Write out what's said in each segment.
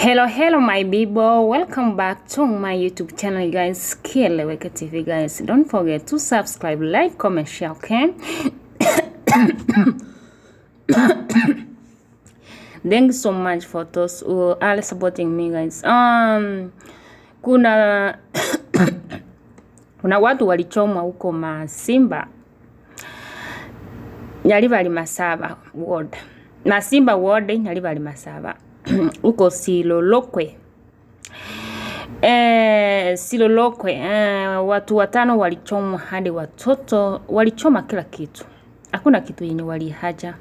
hello hello my people welcome back to my youtube channel guys kieleweke tv guys don't forget to subscribe like comment share okay thank you so much for those who are supporting me guys um kuna kuna watu walichomwa huko masimba nyalivali masaba ward masimba ward nyalivali masaba uko Silolokwe. E, Silolokwe e, watu watano walichomwa hadi watoto walichoma kila kitu, hakuna kitu yenye walihaja.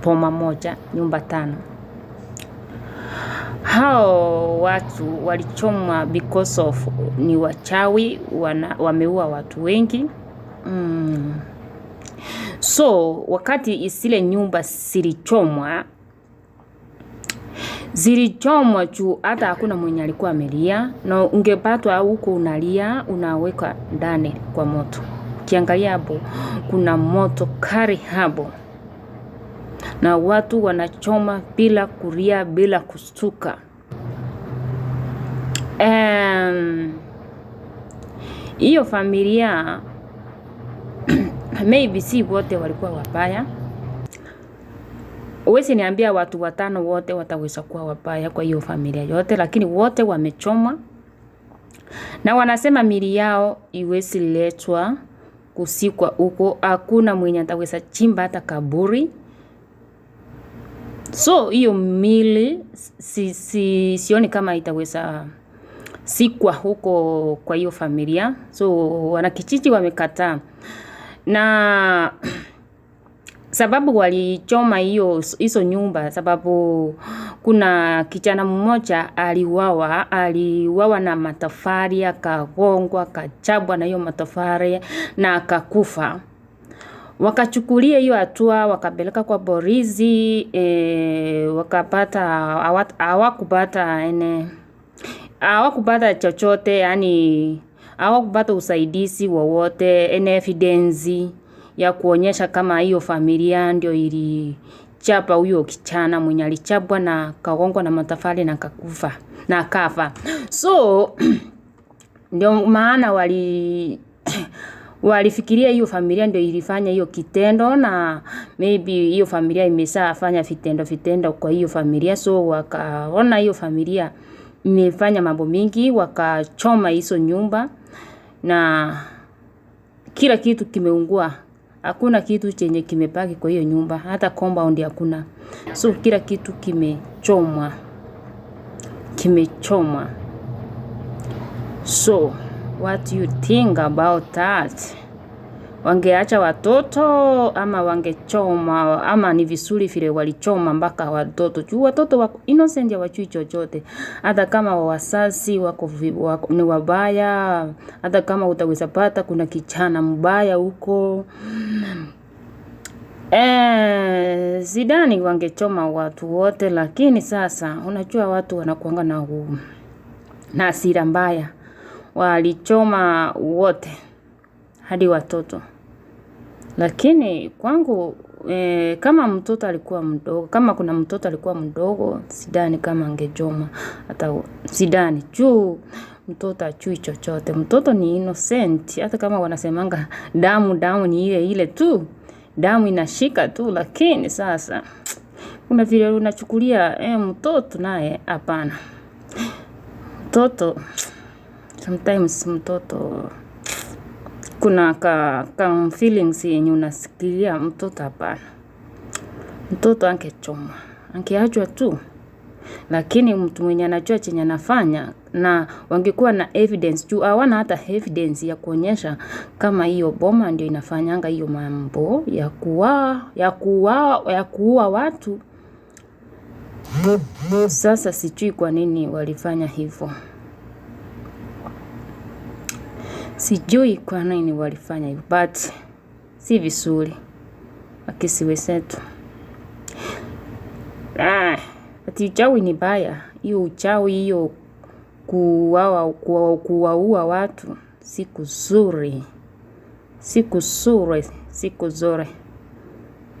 Poma moja, nyumba tano. Hao watu walichomwa because of ni wachawi wana, wameua watu wengi mm. So wakati isile nyumba silichomwa zilichomwa juu hata hakuna mwenye alikuwa amelia, na ungepatwa huko unalia, unaweka ndani kwa moto. Ukiangalia hapo kuna moto kari hapo, na watu wanachoma bila kulia, bila kustuka. Hiyo um, familia maybe si wote walikuwa wabaya Uwezi niambia watu watano wote wataweza kuwa wabaya kwa hiyo familia yote, lakini wote wamechoma na wanasema mili yao iwezi letwa kusikwa huko. Hakuna mwenye ataweza chimba hata kaburi, so hiyo mili si, si, sioni kama itaweza sikwa huko kwa hiyo familia. So wanakichichi wamekataa na sababu walichoma hiyo hizo nyumba sababu kuna kijana mmoja aliuawa, aliuawa na matafari, akagongwa, akachabwa na hiyo matafari na akakufa. Wakachukulia hiyo hatua, wakapeleka kwa polisi e, wakapata hawakupata ene hawakupata chochote, yani hawakupata usaidizi wowote ene evidence ya kuonyesha kama hiyo familia ndio ilichapa huyo kichana mwenye alichapwa na kagongwa na matafali na kakufa na kafa. So ndio maana wali walifikiria hiyo familia ndio ilifanya hiyo kitendo, na maybe hiyo familia imeshafanya vitendo vitendo kwa hiyo familia, so wakaona hiyo familia imefanya mambo mingi, wakachoma hizo nyumba na kila kitu kimeungua. Hakuna kitu chenye kimepaki kwa hiyo nyumba, hata compound hakuna. So kila kitu kimechomwa, kimechomwa. So what you think about that? wangeacha watoto ama wangechoma ama ni visuri vile walichoma mpaka watoto juu watoto wako innocent, hawajui chochote. Hata kama wazazi wako, wako ni wabaya, hata kama utaweza pata kuna kichana mbaya huko e, eh, sidani wangechoma watu wote, lakini sasa unajua watu wanakuanga na na asira mbaya, walichoma wote hadi watoto. Lakini kwangu e, kama mtoto alikuwa mdogo, kama kuna mtoto alikuwa mdogo, sidani kama angejoma hata sidani juu mtoto achui chochote. Mtoto ni innocent, hata kama wanasemanga damu damu ni ile ile tu, damu inashika tu, lakini sasa kuna vile unachukulia e, mtoto naye, hapana. Mtoto sometimes mtoto kuna ka, ka feelings yenye unasikilia mtoto, hapana. Mtoto angechoma angeachwa tu, lakini mtu mwenye anajua chenye anafanya na wangekuwa na evidence juu hawana hata evidence ya kuonyesha kama hiyo boma ndio inafanyanga hiyo mambo ya kuua ya kuua ya kuua watu. Sasa sijui kwa nini walifanya hivyo. Sijui kwa nini walifanya hivyo, but si vizuri wakisi wezetu. Ah, ati uchawi ni baya. Hiyo uchawi hiyo kuwaua kuwaua watu si kuzuri, si kuzuri, si kuzuri.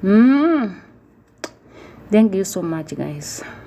Mm. Thank you so much guys.